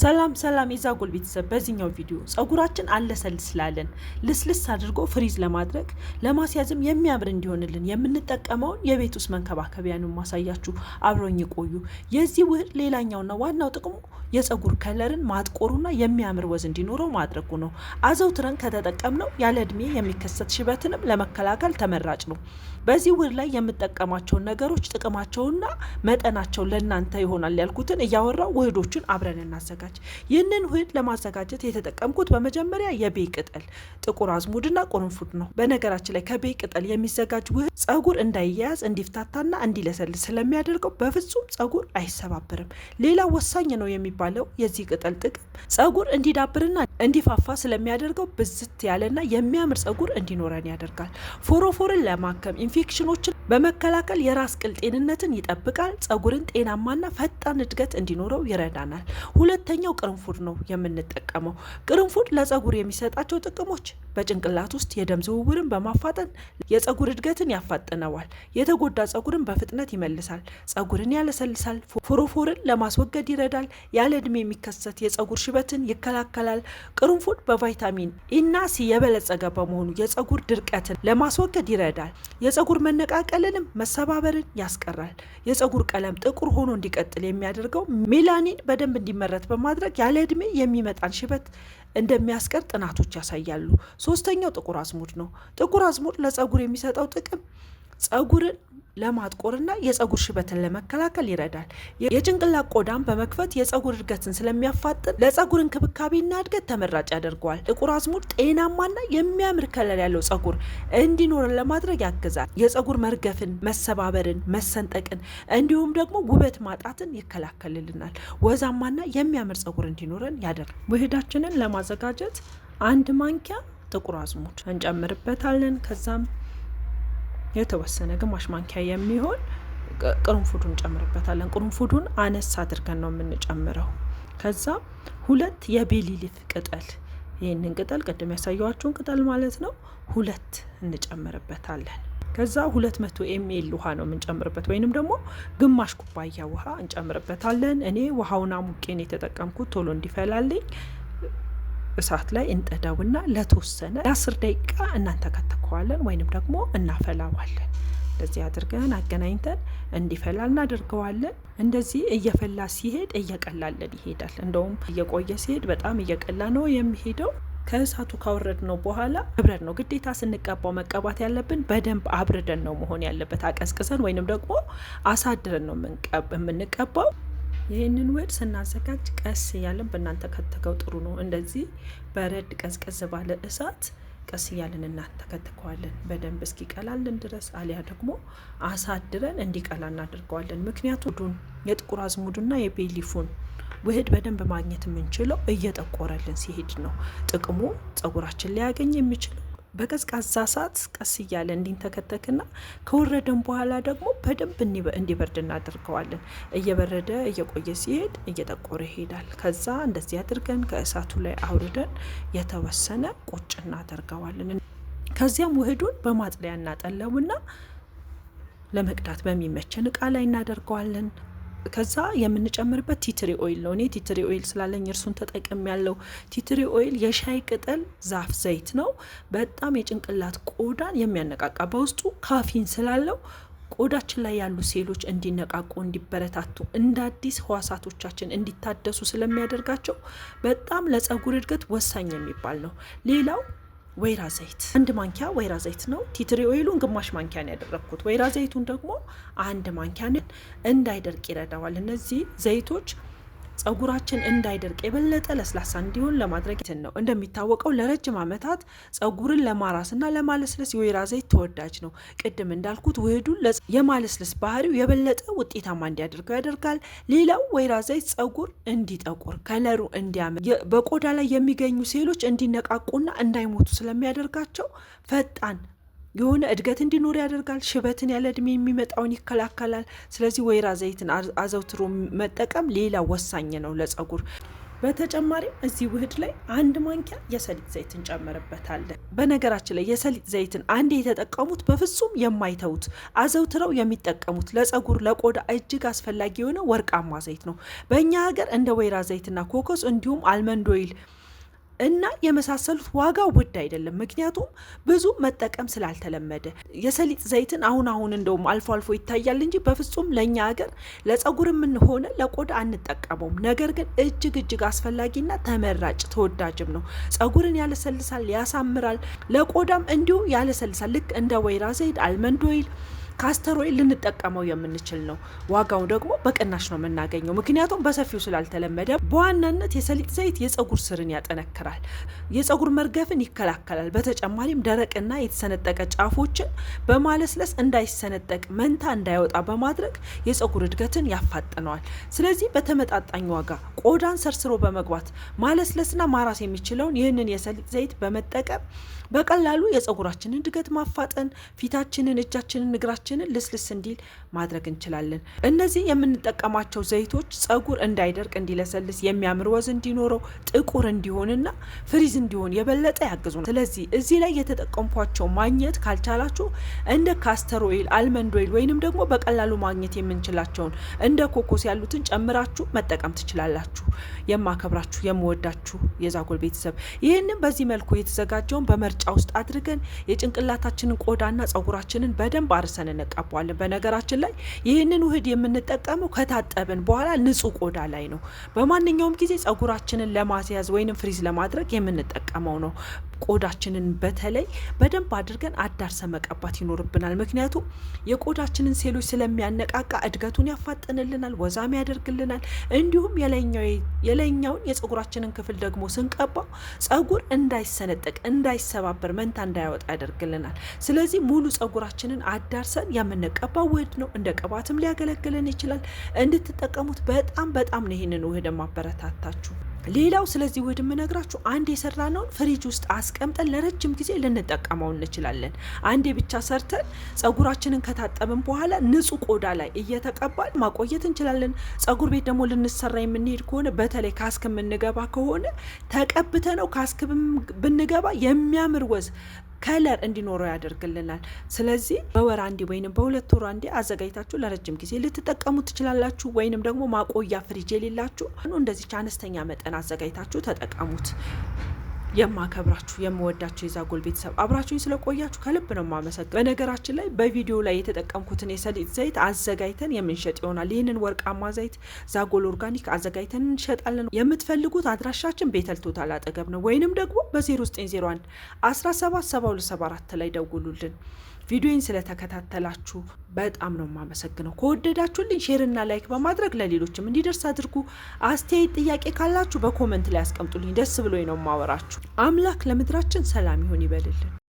ሰላም ሰላም የዛጎል ቤተሰብ፣ በዚህኛው ቪዲዮ ጸጉራችን አለሰልስላለን ልስልስ አድርጎ ፍሪዝ ለማድረግ ለማስያዝም የሚያምር እንዲሆንልን የምንጠቀመውን የቤት ውስጥ መንከባከቢያ ነው ማሳያችሁ። አብረኝ ቆዩ። የዚህ ውህድ ሌላኛውና ዋናው ጥቅሙ የጸጉር ከለርን ማጥቆሩና የሚያምር ወዝ እንዲኖረው ማድረጉ ነው። አዘውትረን ከተጠቀምነው ያለ እድሜ የሚከሰት ሽበትንም ለመከላከል ተመራጭ ነው። በዚህ ውህድ ላይ የምጠቀማቸውን ነገሮች ጥቅማቸውና መጠናቸው ለእናንተ ይሆናል ያልኩትን እያወራው ውህዶቹን አብረን እናዘጋል። እናዘጋጅ። ይህንን ውህድ ለማዘጋጀት የተጠቀምኩት በመጀመሪያ የቤ ቅጠል፣ ጥቁር አዝሙድና ቁርንፉድ ነው። በነገራችን ላይ ከቤ ቅጠል የሚዘጋጅ ውህድ ጸጉር እንዳይያያዝ እንዲፍታታና እንዲለሰልስ ስለሚያደርገው በፍጹም ጸጉር አይሰባበርም። ሌላ ወሳኝ ነው የሚባለው የዚህ ቅጠል ጥቅም ጸጉር እንዲዳብርና እንዲፋፋ ስለሚያደርገው ብዝት ያለና የሚያምር ጸጉር እንዲኖረን ያደርጋል። ፎሮፎርን ለማከም ኢንፌክሽኖችን በመከላከል የራስ ቅል ጤንነትን ይጠብቃል። ጸጉርን ጤናማና ፈጣን እድገት እንዲኖረው ይረዳናል። ሁለተ ሁለተኛው ቅርንፉድ ነው የምንጠቀመው። ቅርንፉድ ለጸጉር የሚሰጣቸው ጥቅሞች በጭንቅላት ውስጥ የደም ዝውውርን በማፋጠን የጸጉር እድገትን ያፋጥነዋል። የተጎዳ ጸጉርን በፍጥነት ይመልሳል። ጸጉርን ያለሰልሳል። ፎሮፎርን ለማስወገድ ይረዳል። ያለ እድሜ የሚከሰት የጸጉር ሽበትን ይከላከላል። ቅርንፉድ በቫይታሚን ኢና ሲ የበለጸገ በመሆኑ የጸጉር ድርቀትን ለማስወገድ ይረዳል። የጸጉር መነቃቀልንም መሰባበርን ያስቀራል። የጸጉር ቀለም ጥቁር ሆኖ እንዲቀጥል የሚያደርገው ሜላኒን በደንብ እንዲመረት በማ ማድረግ ያለ እድሜ የሚመጣን ሽበት እንደሚያስቀር ጥናቶች ያሳያሉ። ሶስተኛው ጥቁር አዝሙድ ነው። ጥቁር አዝሙድ ለጸጉር የሚሰጠው ጥቅም ጸጉርን ለማጥቆርና የፀጉር ሽበትን ለመከላከል ይረዳል። የጭንቅላት ቆዳን በመክፈት የፀጉር እድገትን ስለሚያፋጥን ለፀጉር እንክብካቤና እድገት ተመራጭ ያደርገዋል። ጥቁር አዝሙድ ጤናማና የሚያምር ከለር ያለው ፀጉር እንዲኖረን ለማድረግ ያግዛል። የፀጉር መርገፍን፣ መሰባበርን፣ መሰንጠቅን እንዲሁም ደግሞ ውበት ማጣትን ይከላከልልናል። ወዛማና የሚያምር ፀጉር እንዲኖረን ያደርጋል። ውህዳችንን ለማዘጋጀት አንድ ማንኪያ ጥቁር አዝሙድ እንጨምርበታለን። ከዛም የተወሰነ ግማሽ ማንኪያ የሚሆን ቅርንፉዱ እንጨምርበታለን። ቅርንፉዱን አነስ አድርገን ነው የምንጨምረው። ከዛ ሁለት የቤሊሊፍ ቅጠል ይህንን ቅጠል ቅድም ያሳየዋችሁን ቅጠል ማለት ነው። ሁለት እንጨምርበታለን። ከዛ ሁለት መቶ ኤምኤል ውሃ ነው የምንጨምርበት ወይንም ደግሞ ግማሽ ኩባያ ውሃ እንጨምርበታለን። እኔ ውሃውን አሙቄን የተጠቀምኩት ቶሎ እንዲፈላልኝ እሳት ላይ እንጠደውና ለተወሰነ ለአስር ደቂቃ እናንተከተከዋለን ወይንም ደግሞ እናፈላዋለን። እንደዚህ አድርገን አገናኝተን እንዲፈላ እናደርገዋለን። እንደዚህ እየፈላ ሲሄድ እየቀላለን ይሄዳል። እንደውም እየቆየ ሲሄድ በጣም እየቀላ ነው የሚሄደው። ከእሳቱ ካወረድ ነው በኋላ አብረን ነው ግዴታ ስንቀባው መቀባት ያለብን። በደንብ አብርደን ነው መሆን ያለበት። አቀዝቅዘን ወይንም ደግሞ አሳድረን ነው የምንቀባው። ይህንን ውህድ ስናዘጋጅ ቀስ እያለን በእናንተ ከተከው ጥሩ ነው። እንደዚህ በረድ ቀዝቀዝ ባለ እሳት ቀስ እያለን እናተከትከዋለን በደንብ እስኪቀላልን ድረስ አሊያ ደግሞ አሳድረን እንዲቀላ እናደርገዋለን። ምክንያቱም ዱን የጥቁር አዝሙድና የቤሊፉን ውህድ በደንብ ማግኘት የምንችለው እየጠቆረልን ሲሄድ ነው። ጥቅሙ ጸጉራችን ሊያገኝ የሚችለው በቀዝቃዛ ሰዓት ቀስ እያለ እንዲንተከተክና ከወረደን በኋላ ደግሞ በደንብ እንዲበርድ እናደርገዋለን። እየበረደ እየቆየ ሲሄድ እየጠቆረ ይሄዳል። ከዛ እንደዚህ አድርገን ከእሳቱ ላይ አውርደን የተወሰነ ቁጭ እናደርገዋለን። ከዚያም ውህዱን በማጥለያ እናጠለውና ለመቅዳት በሚመቸን እቃ ላይ እናደርገዋለን። ከዛ የምንጨምርበት ቲትሪ ኦይል ነው። እኔ ቲትሪ ኦይል ስላለኝ እርሱን ተጠቅም ያለው። ቲትሪ ኦይል የሻይ ቅጠል ዛፍ ዘይት ነው። በጣም የጭንቅላት ቆዳን የሚያነቃቃ በውስጡ ካፊን ስላለው ቆዳችን ላይ ያሉ ሴሎች እንዲነቃቁ፣ እንዲበረታቱ፣ እንደ አዲስ ህዋሳቶቻችን እንዲታደሱ ስለሚያደርጋቸው በጣም ለጸጉር እድገት ወሳኝ የሚባል ነው። ሌላው ወይራ ዘይት አንድ ማንኪያ ወይራ ዘይት ነው። ቲትሪ ኦይሉን ግማሽ ማንኪያን ያደረግኩት ወይራ ዘይቱን ደግሞ አንድ ማንኪያ እንዳይደርቅ ይረዳዋል። እነዚህ ዘይቶች ጸጉራችን እንዳይደርቅ የበለጠ ለስላሳ እንዲሆን ለማድረግ ትን ነው። እንደሚታወቀው ለረጅም ዓመታት ጸጉርን ለማራስና ለማለስለስ የወይራ ዘይት ተወዳጅ ነው። ቅድም እንዳልኩት ውህዱን የማለስለስ ባህሪው የበለጠ ውጤታማ እንዲያደርገው ያደርጋል። ሌላው ወይራ ዘይት ጸጉር እንዲጠቁር ከለሩ እንዲያምር፣ በቆዳ ላይ የሚገኙ ሴሎች እንዲነቃቁና እንዳይሞቱ ስለሚያደርጋቸው ፈጣን የሆነ እድገት እንዲኖር ያደርጋል። ሽበትን ያለ እድሜ የሚመጣውን ይከላከላል። ስለዚህ ወይራ ዘይትን አዘውትሮ መጠቀም ሌላ ወሳኝ ነው ለጸጉር። በተጨማሪም እዚህ ውህድ ላይ አንድ ማንኪያ የሰሊጥ ዘይት እንጨምርበታለን። በነገራችን ላይ የሰሊጥ ዘይትን አንዴ የተጠቀሙት በፍጹም የማይተዉት አዘውትረው የሚጠቀሙት ለጸጉር፣ ለቆዳ እጅግ አስፈላጊ የሆነ ወርቃማ ዘይት ነው። በእኛ ሀገር እንደ ወይራ ዘይትና ኮኮስ እንዲሁም አልመንዶይል እና የመሳሰሉት ዋጋ ውድ አይደለም። ምክንያቱም ብዙ መጠቀም ስላልተለመደ የሰሊጥ ዘይትን አሁን አሁን እንደውም አልፎ አልፎ ይታያል እንጂ በፍጹም ለእኛ ሀገር ለጸጉርም ሆነ ለቆዳ አንጠቀመውም። ነገር ግን እጅግ እጅግ አስፈላጊና ተመራጭ ተወዳጅም ነው። ጸጉርን ያለሰልሳል፣ ያሳምራል፣ ለቆዳም እንዲሁ ያለሰልሳል። ልክ እንደ ወይራ ዘይት፣ አልመንድ ኦይል ከአስተሮይ ልንጠቀመው የምንችል ነው። ዋጋው ደግሞ በቅናሽ ነው የምናገኘው፣ ምክንያቱም በሰፊው ስላልተለመደ። በዋናነት የሰሊጥ ዘይት የጸጉር ስርን ያጠነክራል፣ የጸጉር መርገፍን ይከላከላል። በተጨማሪም ደረቅና የተሰነጠቀ ጫፎችን በማለስለስ እንዳይሰነጠቅ መንታ እንዳይወጣ በማድረግ የጸጉር እድገትን ያፋጥነዋል። ስለዚህ በተመጣጣኝ ዋጋ ቆዳን ሰርስሮ በመግባት ማለስለስና ማራስ የሚችለውን ይህንን የሰሊጥ ዘይት በመጠቀም በቀላሉ የጸጉራችንን እድገት ማፋጠን ፊታችንን፣ እጃችንን፣ እግራችንን ፀጉራችንን ልስልስ እንዲል ማድረግ እንችላለን። እነዚህ የምንጠቀማቸው ዘይቶች ፀጉር እንዳይደርቅ፣ እንዲለሰልስ፣ የሚያምር ወዝ እንዲኖረው፣ ጥቁር እንዲሆንና ፍሪዝ እንዲሆን የበለጠ ያግዙናል። ስለዚህ እዚህ ላይ የተጠቀምኳቸው ማግኘት ካልቻላችሁ እንደ ካስተር ኦይል፣ አልመንድ ኦይል ወይንም ደግሞ በቀላሉ ማግኘት የምንችላቸውን እንደ ኮኮስ ያሉትን ጨምራችሁ መጠቀም ትችላላችሁ። የማከብራችሁ የምወዳችሁ የዛጎል ቤተሰብ ይህንን በዚህ መልኩ የተዘጋጀውን በመርጫ ውስጥ አድርገን የጭንቅላታችንን ቆዳና ፀጉራችንን በደንብ አርሰን እንቀባዋለን። በነገራችን ላይ ይህንን ውህድ የምንጠቀመው ከታጠብን በኋላ ንጹህ ቆዳ ላይ ነው። በማንኛውም ጊዜ ጸጉራችንን ለማስያዝ ወይንም ፍሪዝ ለማድረግ የምንጠቀመው ነው። ቆዳችንን በተለይ በደንብ አድርገን አዳርሰ መቀባት ይኖርብናል። ምክንያቱም የቆዳችንን ሴሎች ስለሚያነቃቃ እድገቱን ያፋጥንልናል፣ ወዛም ያደርግልናል። እንዲሁም የላይኛውን የጸጉራችንን ክፍል ደግሞ ስንቀባው ጸጉር እንዳይሰነጠቅ፣ እንዳይሰባበር፣ መንታ እንዳያወጣ ያደርግልናል። ስለዚህ ሙሉ ጸጉራችንን አዳርሰን የምንቀባው ውህድ ነው። እንደ ቅባትም ሊያገለግልን ይችላል። እንድትጠቀሙት በጣም በጣም ነው ይህንን ውህድ ማበረታታችሁ። ሌላው ስለዚህ ውህድ የምነግራችሁ አንድ የሰራነውን ፍሪጅ ውስጥ አስ አስቀምጠን ለረጅም ጊዜ ልንጠቀመው እንችላለን። አንዴ ብቻ ሰርተን ጸጉራችንን ከታጠብን በኋላ ንጹህ ቆዳ ላይ እየተቀባል ማቆየት እንችላለን። ጸጉር ቤት ደግሞ ልንሰራ የምንሄድ ከሆነ በተለይ ካስክ የምንገባ ከሆነ ተቀብተ ነው ካስክ ብንገባ የሚያምር ወዝ ከለር እንዲኖረው ያደርግልናል። ስለዚህ በወር አንዴ ወይንም በሁለት ወር አንዴ አዘጋጅታችሁ ለረጅም ጊዜ ልትጠቀሙ ትችላላችሁ። ወይንም ደግሞ ማቆያ ፍሪጅ የሌላችሁ እንደዚች አነስተኛ መጠን አዘጋጅታችሁ ተጠቀሙት። የማከብራችሁ የምወዳችሁ የዛጎል ቤተሰብ አብራችሁኝ ስለቆያችሁ ከልብ ነው የማመሰግነው። በነገራችን ላይ በቪዲዮ ላይ የተጠቀምኩትን የሰሊጥ ዘይት አዘጋጅተን የምንሸጥ ይሆናል። ይህንን ወርቃማ ዘይት ዛጎል ኦርጋኒክ አዘጋጅተን እንሸጣለን። የምትፈልጉት አድራሻችን ቤተል ቶታል አጠገብ ነው፣ ወይንም ደግሞ በ0901 177274 ላይ ደውሉልን። ቪዲዮን ስለተከታተላችሁ በጣም ነው የማመሰግነው። ከወደዳችሁልኝ ሼርና ላይክ በማድረግ ለሌሎችም እንዲደርስ አድርጉ። አስተያየት፣ ጥያቄ ካላችሁ በኮመንት ላይ አስቀምጡልኝ። ደስ ብሎኝ ነው የማወራችሁ። አምላክ ለምድራችን ሰላም ይሆን ይበልልን።